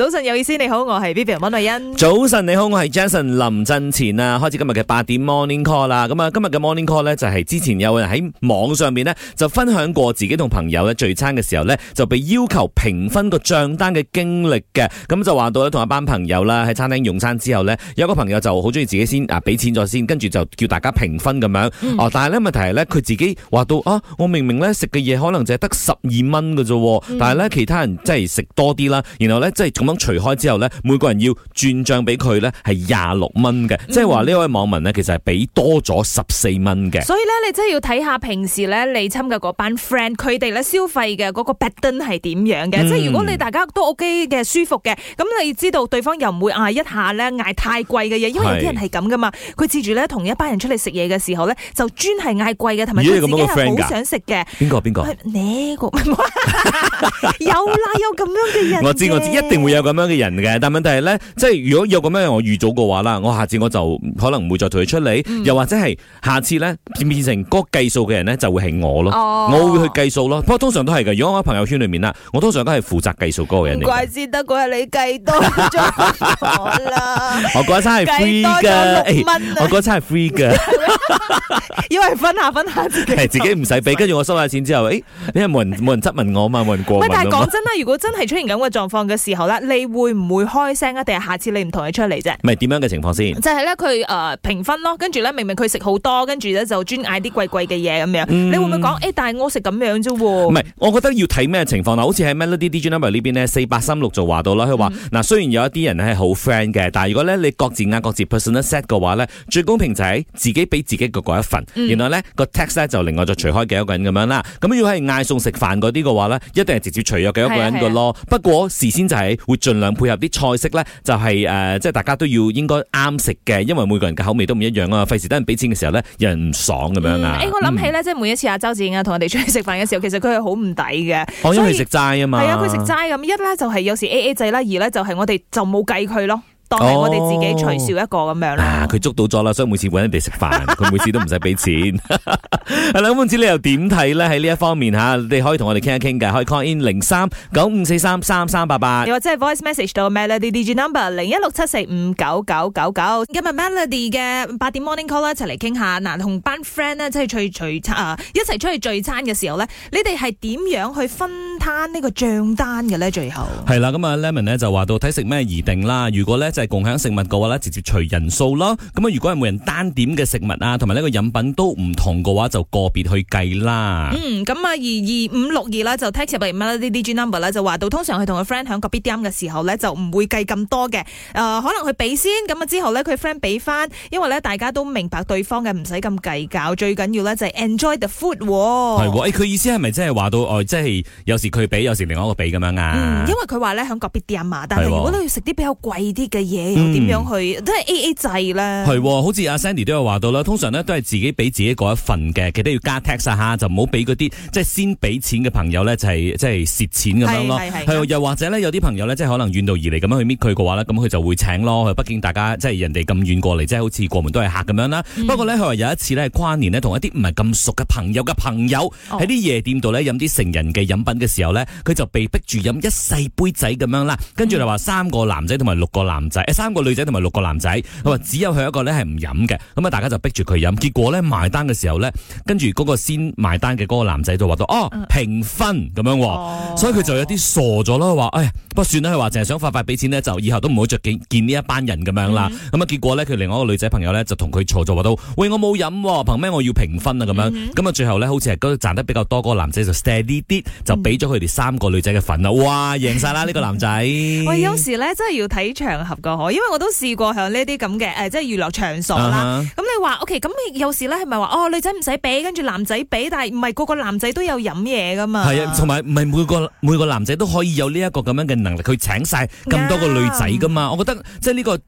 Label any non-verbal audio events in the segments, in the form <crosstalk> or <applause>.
早晨有意思，你好，我係 Vivian 溫麗欣。早晨你好，我係 Jason 林振前啊，開始今日嘅八點 morning call 啦。咁啊，今日嘅 morning call 咧就係之前有個人喺網上面咧就分享過自己同朋友咧聚餐嘅時候咧就被要求平分個賬單嘅經歷嘅。咁就話到咧，同一班朋友啦喺餐廳用餐之後呢，有個朋友就好中意自己先啊俾錢咗先，跟住就叫大家平分咁樣。嗯、哦，但係咧問題係咧佢自己話到啊，我明明咧食嘅嘢，可能就係得十二蚊嘅啫，但係咧其他人即係食多啲啦，然後咧即係除開之後咧，每個人要轉賬俾佢咧係廿六蚊嘅，嗯、即係話呢位網民咧其實係俾多咗十四蚊嘅。所以咧，你真係要睇下平時咧你親嘅嗰班 friend，佢哋咧消費嘅嗰個 pattern 係點樣嘅？嗯、即係如果你大家都 ok 嘅舒服嘅，咁你知道對方又唔會嗌一下咧嗌太貴嘅嘢，因為有啲人係咁噶嘛。佢恃住咧同一班人出嚟食嘢嘅時候咧，就專係嗌貴嘅，同埋自己係好想食嘅。邊個邊個？呢個 <laughs> 有啦，有咁樣嘅人嘅我。我知我知，一定會有。咁樣嘅人嘅，但係問題係咧，即係如果有咁樣我預早嘅話啦，我下次我就可能唔會再同佢出嚟，嗯、又或者係下次咧變成個計數嘅人咧，就會係我咯，哦、我會去計數咯。不過通常都係嘅，如果我喺朋友圈裏面啦，我通常都係負責計數嗰個人嚟。怪先得怪，怪你計多咗啦。 <laughs> 我嗰一餐係 free 噶， <laughs> 欸，我嗰一餐係 free 噶， <laughs> <laughs> 因為分下分下，係自己唔使俾，跟住我收下錢之後，誒、欸，因為冇人冇人質問我啊嘛，冇人過問。唔但係講真啦，如果真係出現咁嘅狀況嘅時候咧。你會唔會開聲啊？定係下次你唔同佢出嚟啫？唔係點樣嘅情況先？就係咧，佢誒評分咯，跟住咧明明佢食好多，跟住咧就專嗌啲貴貴嘅嘢咁樣。嗯、你會唔會講誒、欸？但係我食咁樣啫？唔係，我覺得要睇咩情況啦。好似喺 Melody Djamal 呢邊呢，四八三六就話到啦。佢話嗱，嗯、雖然有一啲人咧係好 friend 嘅，但係如果咧你各自嗌各自 personal set 嘅話咧，最公平就喺自己俾自己嘅嗰一份。嗯、原來咧個 tax 咧就另外再除開幾多個人咁樣啦。咁要係嗌餸食飯嗰啲嘅話咧，一定係直接除咗幾多個人嘅咯。嗯、不過事先就喺、是會盡量配合啲菜式咧，就係誒，即係大家都要應該啱食嘅，因為每個人嘅口味都唔一樣啊！費事等人俾錢嘅時候咧，有人唔爽咁樣啊！我諗、嗯、起咧，嗯、即係每一次阿周志啊同人哋出去食飯嘅時候，其實佢係好唔抵嘅，因為食齋啊嘛，係啊，佢食齋咁，一咧就係有時 A A 制啦，二咧就係我哋就冇計佢咯。當係我哋自己取笑一個咁樣、oh, 啊，佢捉到咗啦，所以每次揾人哋食飯，佢 <laughs> 每次都唔使俾錢。 <laughs> 係啦，兩子，你又點睇咧？喺呢一方面嚇，你可以同我哋傾一傾嘅，可以 call in 零三九五四三三三八八，又 im im 或者係 voice message 到 melody DJ number 零一六七四五九九九九。今日 melody 嘅八點 morning call 一齊嚟傾下。嗱、啊，同班 friend 咧，即係去聚聚餐，一齊出去聚餐嘅時候咧，你哋係點樣去分攤呢個帳單嘅咧？最後係啦，咁啊，Lemon 咧就話到睇食咩而定啦。لا, 如果咧～係共享食物嘅話咧，直接除人數啦。咁啊，如果係每人單點嘅食物啊，同埋呢個飲品都唔同嘅話，就個別去計啦嗯。嗯，咁啊，二二五六二啦，就 text 嚟啦、like、呢啲 number 咧，就話到通常佢同個 friend 響個別點嘅時候呢，就唔會計咁多嘅。誒、呃，可能佢俾先，咁啊之後呢，佢 friend 俾翻，因為呢，大家都明白對方嘅唔使咁計較，最緊要呢，就係 enjoy the food、哦。係、哦，誒、欸，佢意思係咪即係話到即係有時佢俾，有時另外一個俾咁樣啊？嗯、因為佢話咧響個別點嘛，但係、哦、如果你要食啲比較貴啲嘅。嘢又點樣去、嗯、都係 A A 制啦，係、哦，好似阿 Sandy 都有話到啦，通常呢，都係自己俾自己嗰一份嘅，記得要加 tax 下就唔好俾嗰啲即係先俾錢嘅朋友呢，就係、是、即係蝕錢咁樣咯，又或者呢，有啲朋友呢，即係可能遠道而嚟咁樣去搣佢嘅話呢，咁佢就會請咯，畢竟大家即係人哋咁遠過嚟，即係好似過門都係客咁樣啦。嗯、不過呢，佢話有一次咧跨年咧同一啲唔係咁熟嘅朋友嘅朋友喺啲、哦、夜店度呢，飲啲成人嘅飲品嘅時候呢，佢就被逼住飲一細杯仔咁樣啦，跟住就話三個男仔同埋六個男仔。三個女仔同埋六個男仔，佢話只有佢一個咧係唔飲嘅，咁啊大家就逼住佢飲。結果咧埋單嘅時候咧，跟住嗰個先埋單嘅嗰個男仔就話到：哦，平分咁樣，所以佢就有啲傻咗啦。話誒，不算啦。佢話淨係想快快俾錢咧，就以後都唔好着見見呢一班人咁樣啦。咁啊結果咧，佢另外一個女仔朋友咧就同佢坐咗話，喂，我冇飲，憑咩我要平分啊？咁樣咁啊最後咧，好似係嗰賺得比較多嗰個男仔就 steady 啲，就俾咗佢哋三個女仔嘅份啦。哇！贏晒啦呢個男仔！ <laughs> 喂，有時咧真係要睇場合。因為我都試過響呢啲咁嘅誒，即係娛樂場所啦。咁、uh huh. 嗯、你話 OK，咁有時咧係咪話哦女仔唔使俾，跟住男仔俾？但係唔係個個男仔都有飲嘢噶嘛？係啊，同埋唔係每個每個男仔都、啊、都可以有呢一個咁樣嘅能力去請晒咁多個女仔噶嘛？Yeah. 我覺得即係呢、呢個。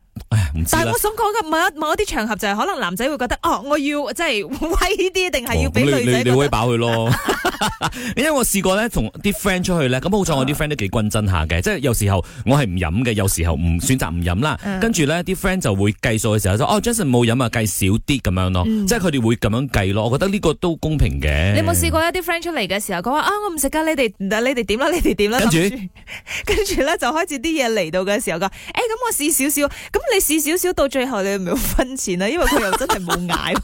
但係我想講嘅某一某一啲場合就係可能男仔會覺得哦我要即係威啲定係要俾女仔威飽佢咯， <laughs> <laughs> 因為我試過咧同啲 friend 出去咧，咁好彩我啲 friend 都幾均真下嘅，嗯、即係有時候我係唔飲嘅，有時候唔選擇唔飲啦，嗯、跟住咧啲 friend 就會計數嘅時候就哦，Jason 冇飲啊，計少啲咁樣咯，嗯、即係佢哋會咁樣計咯，我覺得呢個都公平嘅、啊。你有冇試過一啲 friend 出嚟嘅時候講話啊我唔食噶，你哋但你哋點啦，你哋點啦，跟住著 <laughs> 跟住咧就開始啲嘢嚟到嘅時候講，誒、欸、咁我試少少咁你試少少，到最後你唔要分錢啦，因為佢又真係冇嗌，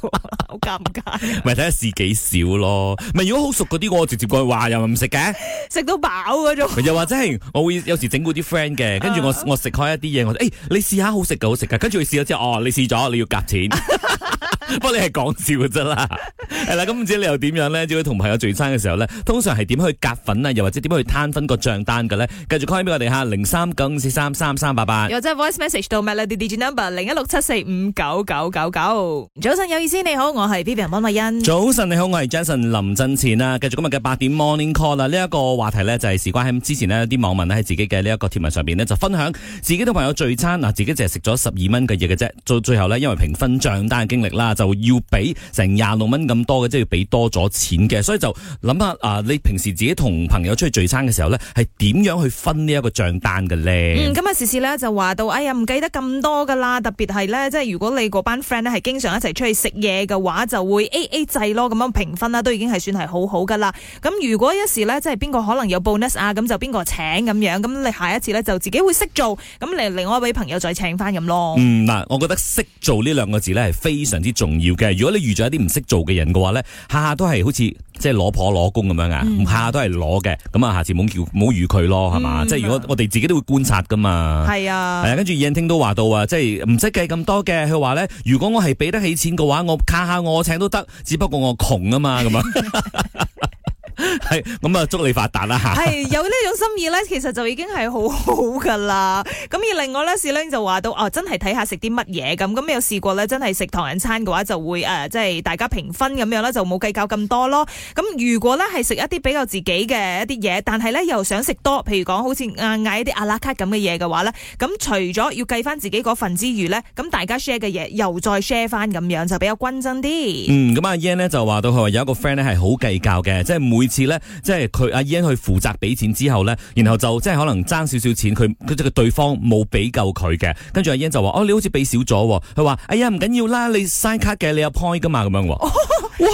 好 <laughs> <laughs> 尷尬。咪睇下試幾少咯，咪如果好熟嗰啲我直接過去話又唔食嘅，食到飽嗰種。又或者係我會有時整過啲 friend 嘅，跟住我我食開一啲嘢，我誒、欸、你試下好食噶，好食噶，跟住佢試咗之後，哦，你試咗你要夾錢。 <laughs> <laughs> <laughs> 不過你係講笑嘅啫啦，係啦，咁唔知你又點樣咧？只要同朋友聚餐嘅時候咧，通常係點去夾粉啊，又或者點去攤分個賬單嘅咧？繼續 call 俾我哋吓，零三九五四三三三八八，或者 voice message 到 number 零一六七四五九九九九。早晨有意思，你好，我係 B B 蒙慧欣。早晨你好，我係 Jason 林振前啊。繼續今日嘅八點 morning call 啦。呢一個話題呢，就係事關喺之前呢啲網民喺自己嘅呢一個貼文上邊呢，就分享自己同朋友聚餐嗱，自己淨係食咗十二蚊嘅嘢嘅啫，最最後咧因為平分賬單嘅經歷啦。就要俾成廿六蚊咁多嘅，即係要俾多咗錢嘅，所以就諗下啊，你平時自己同朋友出去聚餐嘅時候呢，係點樣去分呢一個賬單嘅呢？嗯，咁啊，時事呢就話到，哎呀唔記得咁多噶啦，特別係呢，即係如果你嗰班 friend 咧係經常一齊出去食嘢嘅話，就會 A A 制咯，咁樣平分啦，啊，都已經係算係好好噶啦。咁如果一時呢，即係邊個可能有 bonus 啊，咁就邊個請咁樣，咁你下一次呢，就自己會識做，咁嚟另外一位朋友再請翻咁咯。嗯，嗱，我覺得識做呢兩個字呢，係非常之重要。重要嘅，如果你遇著一啲唔識做嘅人嘅話咧，下下都係好似即係攞婆攞公咁樣啊，下下、嗯、都係攞嘅，咁啊，下次冇叫冇遇佢咯，係嘛、嗯？即係如果我哋自己都會觀察噶嘛。係、嗯、啊，係啊，跟住燕聽都話到啊，即係唔使計咁多嘅。佢話咧，如果我係俾得起錢嘅話，我下下我請都得，只不過我窮啊嘛，咁啊。 <laughs> 係咁啊！祝你發達啦吓！係有呢種心意咧，其實就已經係好好噶啦。咁而另外咧，士玲就話到哦，真係睇下食啲乜嘢咁。咁、嗯、有試過咧，真係食唐人餐嘅話，就會誒、呃，即係大家平分咁樣咧，就冇計較咁多咯。咁、嗯、如果咧係食一啲比較自己嘅一啲嘢，但係咧又想食多，譬如講好似嗌嗌啲阿拉卡咁嘅嘢嘅話咧，咁、嗯、除咗要計翻自己嗰份之餘咧，咁大家 share 嘅嘢又再 share 翻咁樣，就比較均真啲、嗯。嗯、咁、啊、阿 Yan 咧就話到，佢話有一個 friend 咧係好計較嘅，即係每次咧。即係佢阿英去負責俾錢之後咧，然後就即係可能爭少少錢，佢佢即係對方冇俾夠佢嘅，跟住阿英就話哦，你好似俾少咗，哦，佢話哎呀唔緊要啦，你 sign 卡嘅，你有 point 㗎嘛咁樣。 <laughs> 哇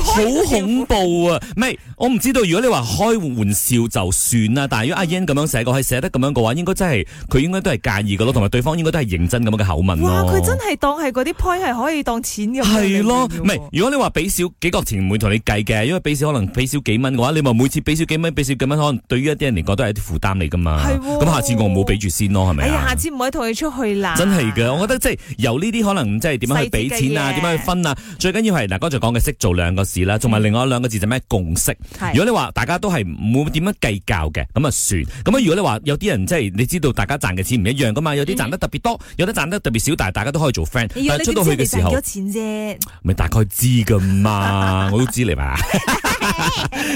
好用恐怖啊！唔係，我唔知道。如果你話開玩笑就算啦，但係如果阿 Yen 咁樣寫過，寫得咁樣嘅話，應該真係佢應該都係介意嘅咯。同埋對方應該都係認真咁嘅口吻。佢真係當係嗰啲 point 係可以當錢嘅的。係咯，唔係。如果你話俾少幾角錢唔會同你計嘅，因為俾少可能俾少幾蚊嘅話，你咪每次俾少幾蚊俾少幾蚊，可能對於一啲人嚟講都係一啲負擔嚟噶嘛。咁的下次我唔好俾住先咯，係咪啊？哎呀，下次唔可以同佢出去啦。真係嘅，我覺得即係由呢啲可能即係點樣去俾錢啊？點樣去分啊？最緊要係嗱，剛才講嘅識做量。兩個字啦，同埋另外兩個字就咩共識。如果你話大家都係唔會點樣計較嘅，咁啊算。咁啊，如果你話有啲人即係你知道大家賺嘅錢唔一樣噶嘛，有啲賺得特別多，有啲賺得特別少，但係大家都可以做 friend，嗯。出到去嘅時候，賺咗錢啫。咪大概知噶嘛，我都知你嘛。 <laughs> <laughs>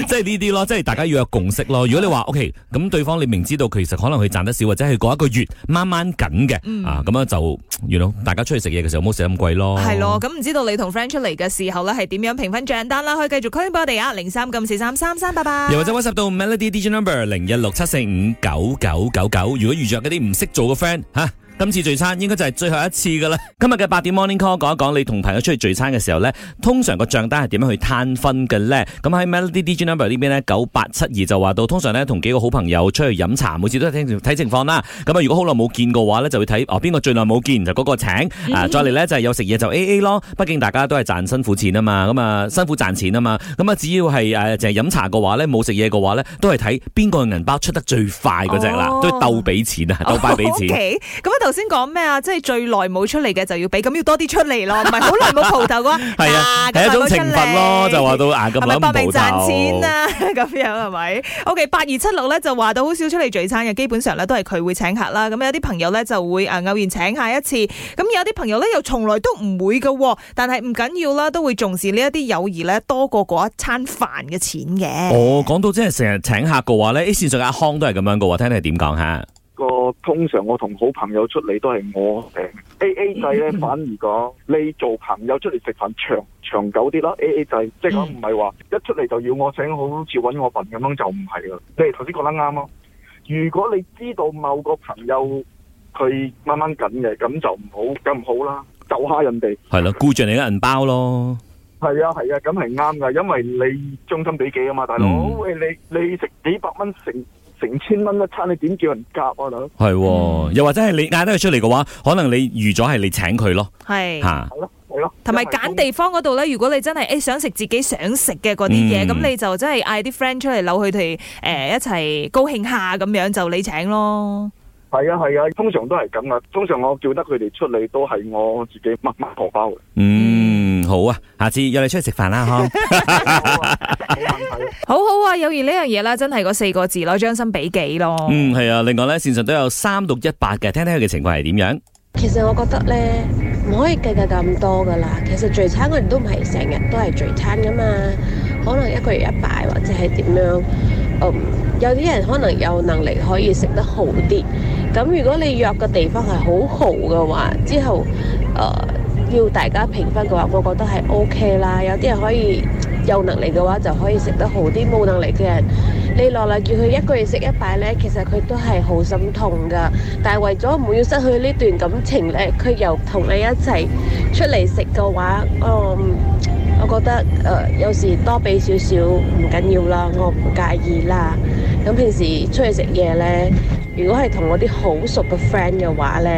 即係呢啲咯，即係大家要有共識咯。如果你話 OK，咁對方你明知道其實可能佢賺得少或者係過一個月掹掹緊嘅，啊咁樣就原大家出去食嘢嘅時候唔好食咁貴咯。係咯，咁唔知道你同 friend 出嚟嘅時候咧係點樣平分賬單啦？可以繼續 call 我哋啊，零三五四三三三，拜拜。又或者 WhatsApp 到 Melody DJ Number 零一六七四五九九九九。如果遇著嗰啲唔識做嘅 friend 吓。今次聚餐應該就係最後一次㗎喇。今日嘅八點 morning call 講一講，你同朋友出去聚餐嘅時候咧，通常個帳單係點樣去攤分嘅咧？咁喺 melody dj number 呢邊咧，九八七二就話到，通常咧同幾個好朋友出去飲茶，每次都係聽睇情況啦。咁啊，如果好耐冇見嘅話咧，就會睇哦邊個最耐冇見就嗰個請。啊、再嚟咧就係、是、有食嘢就 A A 咯。畢竟大家都係賺辛苦錢啊嘛，咁、嗯、啊辛苦賺錢啊嘛。咁啊，只要係誒淨係飲茶嘅話咧，冇食嘢嘅話咧，都係睇邊個銀包出得最快嗰隻啦，哦、都鬥俾錢啊，鬥快俾錢。 <laughs> okay. 先講咩啊？即係最耐冇出嚟嘅就要俾，咁要多啲出嚟咯，唔係好耐冇蒲頭噶。係啊，係一種情分咯，就話到啊咁樣蒲頭。搏命賺錢啊，咁 <laughs> 樣係咪？O K，八二七六咧就話到好少出嚟聚餐嘅，基本上咧都係佢會請客啦。咁有啲朋友咧就會誒偶然請下一次，咁有啲朋友咧又從來都唔會噶。但係唔緊要啦，都會重視呢一啲友誼咧多過嗰一餐飯嘅錢嘅。哦，講到真係成日請客嘅話咧，事實上阿康都係咁樣嘅喎，聽你點講吓？通常我同好朋友出嚟都係我請 A A 制咧， <laughs> 反而講你做朋友出嚟食飯長長久啲咯，A A 制即係講唔係話一出嚟就要我請，好似搵我份咁樣就唔係啦。你頭先講得啱啊！如果你知道某個朋友佢掹掹緊嘅，咁就唔好咁唔好啦，走蝦人哋係啦，顧住你嘅銀包咯。係啊係啊，咁係啱噶，因為你將心比己啊嘛，大佬，嗯、喂你你食幾百蚊成？成千蚊一餐，你點叫人夾啊？係，又或者係你嗌得佢出嚟嘅話，可能你預咗係你請佢咯。係嚇，係咯，係咯。同埋揀地方嗰度咧，如果你真係誒想食自己想食嘅嗰啲嘢，咁你就真係嗌啲 friend 出嚟，扭佢哋誒一齊高興下咁樣，就你請咯。係啊，係啊，通常都係咁啊。通常我叫得佢哋出嚟，都係我自己掹掹荷包嘅。嗯。好啊，下次約你出去食飯啦，可 <laughs> <laughs> 好好啊！友誼呢樣嘢啦，真係嗰四個字咯，將心比己咯。嗯，係啊。另外咧，線上都有三到一八嘅，聽聽佢嘅情況係點樣？其實我覺得咧，唔可以計較咁多噶啦。其實聚餐我哋都唔係成日都係聚餐噶嘛，可能一個月一擺或者係點樣。嗯、呃，有啲人可能有能力可以食得好啲。咁如果你約嘅地方係好豪嘅話，之後誒。呃要大家評分嘅話，我覺得係 OK 啦。有啲人可以有能力嘅話，就可以食得好啲。冇能力嘅人，你落嚟叫佢一個月食一擺呢，其實佢都係好心痛噶。但係為咗唔會要失去呢段感情呢，佢又同你一齊出嚟食嘅話，嗯，我覺得誒有時多俾少少唔緊要啦，我唔介意啦。咁平時出去食嘢呢。如果係同我啲好熟嘅 friend 嘅話呢，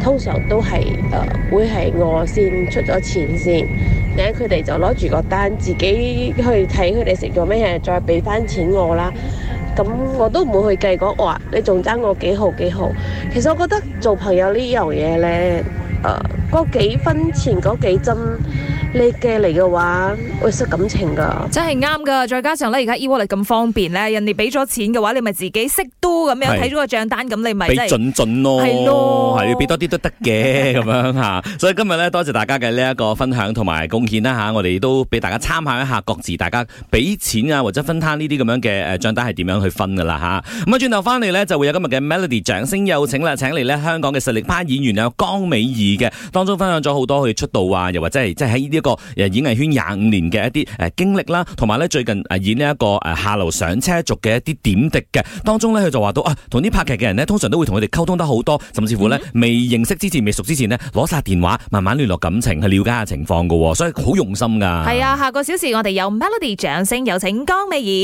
通常都係誒、呃、會係我先出咗錢先，咁佢哋就攞住個單自己去睇佢哋食咗咩嘢，再俾翻錢我啦。咁我都唔會去計嗰個話，你仲爭我幾毫幾毫。其實我覺得做朋友呢樣嘢呢，誒、呃、嗰幾分錢嗰幾針。你借嚟嘅話會失感情噶，真係啱噶。再加上咧、e，而家 E-Wallet 咁方便咧，人哋俾咗錢嘅話，你咪自己識都咁樣睇咗是個賬單，咁你咪俾盡盡咯。係咯，係要俾多啲都得嘅咁樣嚇。所以今日咧，多謝大家嘅呢一個分享同埋貢獻啦嚇、啊。我哋都俾大家參考一下，各自大家俾錢啊或者分攤呢啲咁樣嘅誒賬單係點樣去分噶啦吓，咁啊轉頭翻嚟咧就會有今日嘅 Melody 掌聲有請啦，請嚟咧香港嘅實力派演員有江美儀嘅，當中分享咗好多佢出道啊又或者係即係喺呢啲。個誒演藝圈廿五年嘅一啲誒經歷啦，同埋咧最近誒演呢一個誒下樓上車族嘅一啲點滴嘅當中咧，佢就話到啊，同啲拍劇嘅人咧，通常都會同佢哋溝通得好多，甚至乎咧未認識之前未熟之前咧，攞晒電話慢慢聯絡感情去了解下情況噶，所以好用心噶。係啊，下個小時我哋有 Melody 掌聲，有請江美儀。